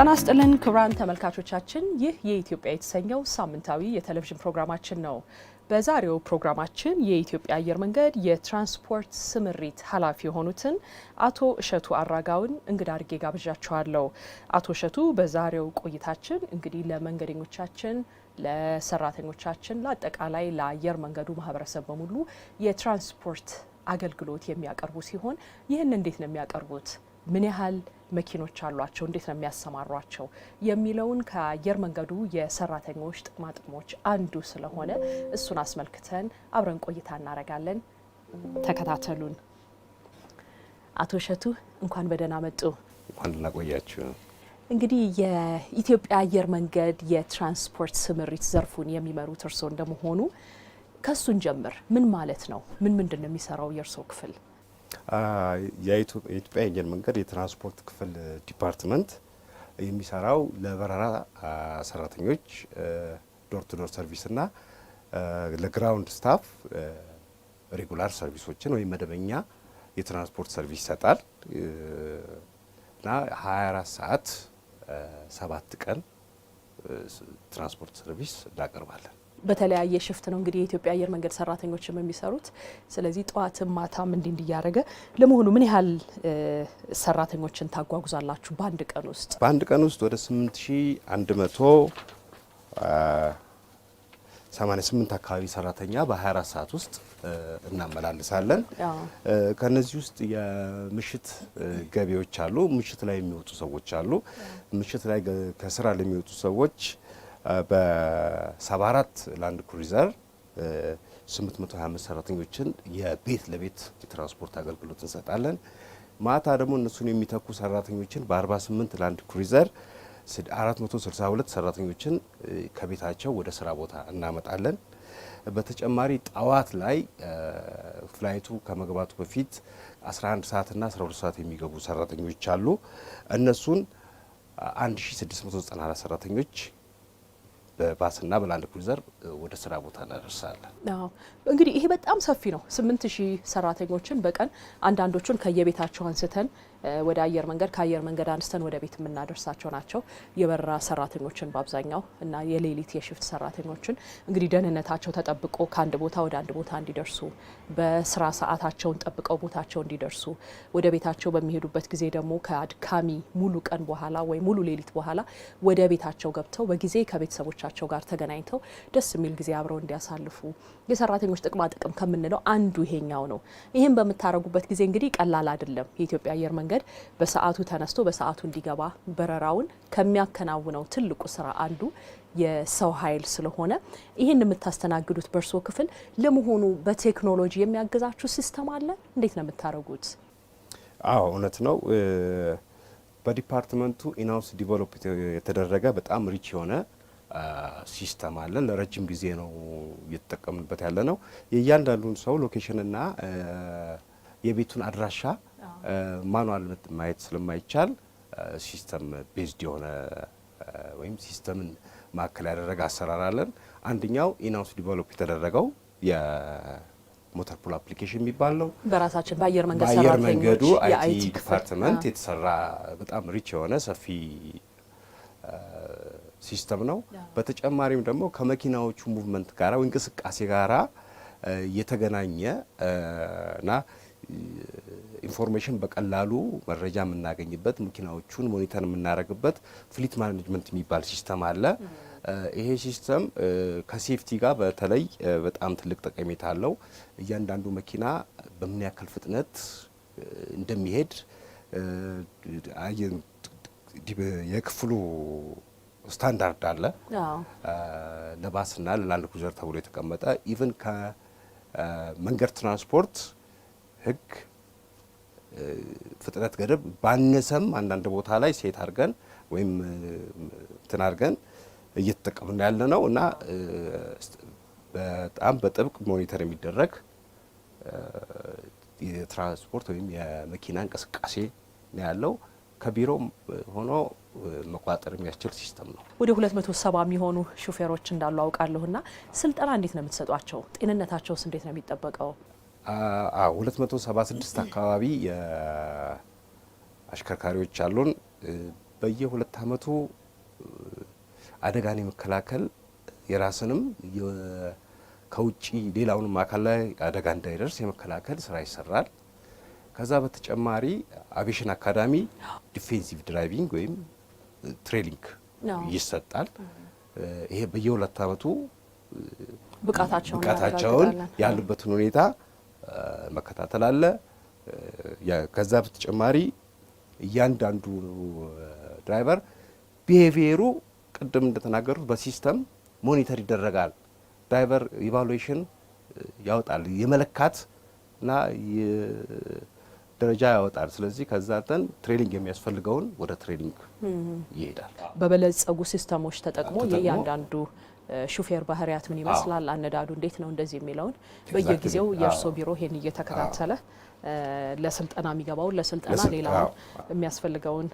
ጤና ይስጥልን ክቡራን ተመልካቾቻችን፣ ይህ የኢትዮጵያ የተሰኘው ሳምንታዊ የቴሌቪዥን ፕሮግራማችን ነው። በዛሬው ፕሮግራማችን የኢትዮጵያ አየር መንገድ የትራንስፖርት ስምሪት ኃላፊ የሆኑትን አቶ እሸቱ አራጋውን እንግዳ አድርጌ ጋብዣችኋለሁ። አቶ እሸቱ በዛሬው ቆይታችን እንግዲህ ለመንገደኞቻችን፣ ለሰራተኞቻችን፣ ለአጠቃላይ ለአየር መንገዱ ማህበረሰብ በሙሉ የትራንስፖርት አገልግሎት የሚያቀርቡ ሲሆን ይህን እንዴት ነው የሚያቀርቡት? ምን ያህል መኪኖች አሏቸው፣ እንዴት ነው የሚያሰማሯቸው የሚለውን ከአየር መንገዱ የሰራተኞች ጥቅማጥቅሞች አንዱ ስለሆነ እሱን አስመልክተን አብረን ቆይታ እናደርጋለን። ተከታተሉን። አቶ እሸቱ እንኳን በደህና መጡ። እንኳን ላቆያችሁ። እንግዲህ የኢትዮጵያ አየር መንገድ የትራንስፖርት ስምሪት ዘርፉን የሚመሩት እርስዎ እንደመሆኑ ከሱን ጀምር ምን ማለት ነው? ምን ምንድን ነው የሚሰራው የእርስዎ ክፍል? የኢትዮጵያ አየር መንገድ የትራንስፖርት ክፍል ዲፓርትመንት የሚሰራው ለበረራ ሰራተኞች ዶር ቱ ዶር ሰርቪስና ለግራውንድ ስታፍ ሬጉላር ሰርቪሶችን ወይም መደበኛ የትራንስፖርት ሰርቪስ ይሰጣል እና 24 ሰዓት ሰባት ቀን ትራንስፖርት ሰርቪስ እናቀርባለን። በተለያየ ሽፍት ነው እንግዲህ የኢትዮጵያ አየር መንገድ ሰራተኞችም የሚሰሩት። ስለዚህ ጠዋትም ማታም እንዲ እንዲያደረገ ለመሆኑ ምን ያህል ሰራተኞችን ታጓጉዛላችሁ በአንድ ቀን ውስጥ? በአንድ ቀን ውስጥ ወደ 8188 አካባቢ ሰራተኛ በ24 ሰዓት ውስጥ እናመላልሳለን። ከነዚህ ውስጥ የምሽት ገቢዎች አሉ፣ ምሽት ላይ የሚወጡ ሰዎች አሉ። ምሽት ላይ ከስራ ለሚወጡ ሰዎች በሰባ አራት ላንድ ክሩዘር 825 ሰራተኞችን የቤት ለቤት የትራንስፖርት አገልግሎት እንሰጣለን። ማታ ደግሞ እነሱን የሚተኩ ሰራተኞችን በ48 ላንድ ክሩዘር 462 ሰራተኞችን ከቤታቸው ወደ ስራ ቦታ እናመጣለን። በተጨማሪ ጠዋት ላይ ፍላይቱ ከመግባቱ በፊት 11 ሰዓትና 12 ሰዓት የሚገቡ ሰራተኞች አሉ። እነሱን 1694 ሰራተኞች በባስና በላንድ ክሩዘር ወደ ስራ ቦታ እናደርሳለን። እንግዲህ ይሄ በጣም ሰፊ ነው። ስምንት ሺህ ሰራተኞችን በቀን አንዳንዶቹን ከየቤታቸው አንስተን ወደ አየር መንገድ ከአየር መንገድ አንስተን ወደ ቤት የምናደርሳቸው ናቸው። የበረራ ሰራተኞችን በአብዛኛው እና የሌሊት የሽፍት ሰራተኞችን እንግዲህ ደህንነታቸው ተጠብቆ ከአንድ ቦታ ወደ አንድ ቦታ እንዲደርሱ በስራ ሰዓታቸውን ጠብቀው ቦታቸው እንዲደርሱ ወደ ቤታቸው በሚሄዱበት ጊዜ ደግሞ ከአድካሚ ሙሉ ቀን በኋላ ወይ ሙሉ ሌሊት በኋላ ወደ ቤታቸው ገብተው በጊዜ ከቤተሰቦቻቸው ጋር ተገናኝተው ደስ የሚል ጊዜ አብረው እንዲያሳልፉ የሰራተኞች ጥቅማ ጥቅም ከምንለው አንዱ ይሄኛው ነው። ይህም በምታደርጉበት ጊዜ እንግዲህ ቀላል አይደለም። የኢትዮጵያ አየር መንገድ መንገድ በሰዓቱ ተነስቶ በሰዓቱ እንዲገባ በረራውን ከሚያከናውነው ትልቁ ስራ አንዱ የሰው ኃይል ስለሆነ ይህን የምታስተናግዱት በእርሶ ክፍል ለመሆኑ በቴክኖሎጂ የሚያግዛችሁ ሲስተም አለ? እንዴት ነው የምታደርጉት? አዎ እውነት ነው። በዲፓርትመንቱ ኢናውስ ዲቨሎፕ የተደረገ በጣም ሪች የሆነ ሲስተም አለ። ለረጅም ጊዜ ነው እየተጠቀምንበት ያለ ነው። የእያንዳንዱን ሰው ሎኬሽንና የቤቱን አድራሻ ማኑዋል ማየት ስለማይቻል ሲስተም ቤዝድ የሆነ ወይም ሲስተምን ማዕከል ያደረገ አሰራር አለን። አንደኛው ኢናውስ ዲቨሎፕ የተደረገው የሞተር ፑል አፕሊኬሽን የሚባል ነው። በራሳችን በአየር መንገድ በአየር መንገዱ አይቲ ዲፓርትመንት የተሰራ በጣም ሪች የሆነ ሰፊ ሲስተም ነው። በተጨማሪም ደግሞ ከመኪናዎቹ ሙቭመንት ጋራ ወይ እንቅስቃሴ ጋራ የተገናኘ እና ኢንፎርሜሽን በቀላሉ መረጃ የምናገኝበት መኪናዎቹን ሞኒተር የምናደርግበት ፍሊት ማኔጅመንት የሚባል ሲስተም አለ። ይሄ ሲስተም ከሴፍቲ ጋር በተለይ በጣም ትልቅ ጠቀሜታ አለው። እያንዳንዱ መኪና በምን ያክል ፍጥነት እንደሚሄድ የክፍሉ ስታንዳርድ አለ። ለባስና ለላንድ ክሩዘር ተብሎ የተቀመጠ ኢቨን ከመንገድ ትራንስፖርት ህግ ፍጥነት ገደብ ባነሰም አንዳንድ ቦታ ላይ ሴት አድርገን ወይም እንትን አድርገን እየተጠቀምን ያለ ነው እና በጣም በጥብቅ ሞኒተር የሚደረግ የትራንስፖርት ወይም የመኪና እንቅስቃሴ ነው ያለው። ከቢሮ ሆኖ መቆጣጠር የሚያስችል ሲስተም ነው። ወደ 270 የሚሆኑ ሹፌሮች እንዳሉ አውቃለሁ እና ስልጠና እንዴት ነው የምትሰጧቸው? ጤንነታቸውስ እንዴት ነው የሚጠበቀው? 276 አካባቢ አሽከርካሪዎች አሉን። በየሁለት አመቱ አደጋን የመከላከል የራስንም ከውጭ ሌላውንም አካል ላይ አደጋ እንዳይደርስ የመከላከል ስራ ይሰራል። ከዛ በተጨማሪ አቪሽን አካዳሚ ዲፌንሲቭ ድራይቪንግ ወይም ትሬኒንግ ይሰጣል። ይሄ በየሁለት ዓመቱ ብቃታቸውን ያሉበትን ሁኔታ መከታተል አለ። ከዛ በተጨማሪ እያንዳንዱ ድራይቨር ቢሄቪየሩ ቅድም እንደተናገሩት በሲስተም ሞኒተር ይደረጋል። ድራይቨር ኢቫሉዌሽን ያወጣል የመለካት እና ደረጃ ያወጣል። ስለዚህ ከዛ ተን ትሬኒንግ የሚያስፈልገውን ወደ ትሬኒንግ ይሄዳል። በበለጸጉ ሲስተሞች ተጠቅሞ የእያንዳንዱ ሹፌር ባህሪያት ምን ይመስላል፣ አነዳዱ እንዴት ነው፣ እንደዚህ የሚለውን በየጊዜው የእርሶ ቢሮ ይሄን እየተከታተለ ለስልጠና የሚገባውን ለስልጠና ሌላውን የሚያስፈልገውን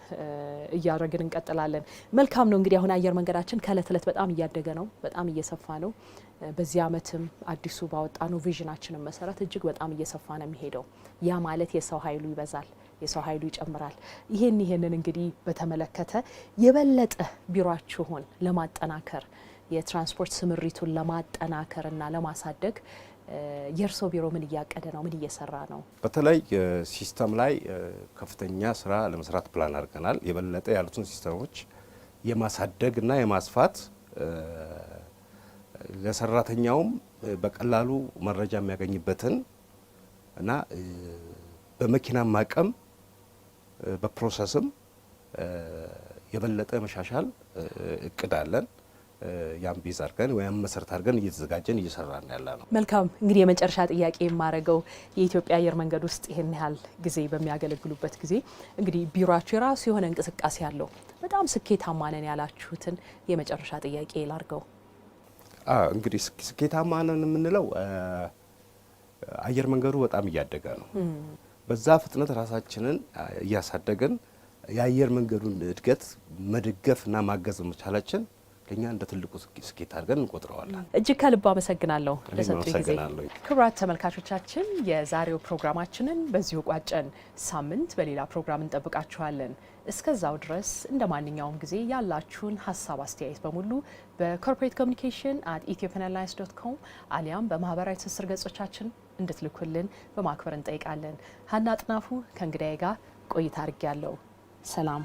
እያደረግን እንቀጥላለን። መልካም ነው እንግዲህ አሁን አየር መንገዳችን ከእለት እለት በጣም እያደገ ነው፣ በጣም እየሰፋ ነው። በዚህ አመትም አዲሱ ነው ቪዥናችንን መሰረት እጅግ በጣም እየሰፋ ነው የሚሄደው። ያ ማለት የሰው ኃይሉ ይበዛል፣ የሰው ኃይሉ ይጨምራል። ይህን ይህንን እንግዲህ በተመለከተ የበለጠ ቢሮችሁን ለማጠናከር የትራንስፖርት ስምሪቱን ለማጠናከር እና ለማሳደግ የእርሶ ቢሮ ምን እያቀደ ነው? ምን እየሰራ ነው? በተለይ ሲስተም ላይ ከፍተኛ ስራ ለመስራት ፕላን አድርገናል። የበለጠ ያሉትን ሲስተሞች የማሳደግና የማስፋት ለሰራተኛውም በቀላሉ መረጃ የሚያገኝበትን እና በመኪና ማቀም በፕሮሰስም የበለጠ መሻሻል እቅድ አለን። ያን ቤዝ አድርገን ወይም መሰረት አድርገን እየተዘጋጀን እየሰራን ያለ ነው። መልካም እንግዲህ የመጨረሻ ጥያቄ የማደርገው የኢትዮጵያ አየር መንገድ ውስጥ ይህን ያህል ጊዜ በሚያገለግሉበት ጊዜ እንግዲህ ቢሮችሁ የራሱ የሆነ እንቅስቃሴ ያለው በጣም ስኬታማ ነን ያላችሁትን የመጨረሻ ጥያቄ ላርገው። እንግዲህ ስኬታማ ነን የምንለው አየር መንገዱ በጣም እያደገ ነው። በዛ ፍጥነት ራሳችንን እያሳደገን የአየር መንገዱን እድገት መደገፍና ማገዝ መቻላችን እኛ እንደ ትልቁ ስኬት አድርገን እንቆጥረዋለን። እጅግ ከልብ አመሰግናለሁ ለሰጡ ጊዜ። ክቡራት ተመልካቾቻችን የዛሬው ፕሮግራማችንን በዚሁ ቋጨን። ሳምንት በሌላ ፕሮግራም እንጠብቃችኋለን። እስከዛው ድረስ እንደ ማንኛውም ጊዜ ያላችሁን ሀሳብ አስተያየት በሙሉ በኮርፖሬት ኮሚኒኬሽን አት ኢትዮጵያን ኤርላይንስ ዶት ኮም አሊያም በማህበራዊ ትስስር ገጾቻችን እንድትልኩልን በማክበር እንጠይቃለን። ሀና አጥናፉ ከእንግዳዬ ጋር ቆይታ አድርጌያለሁ። ሰላም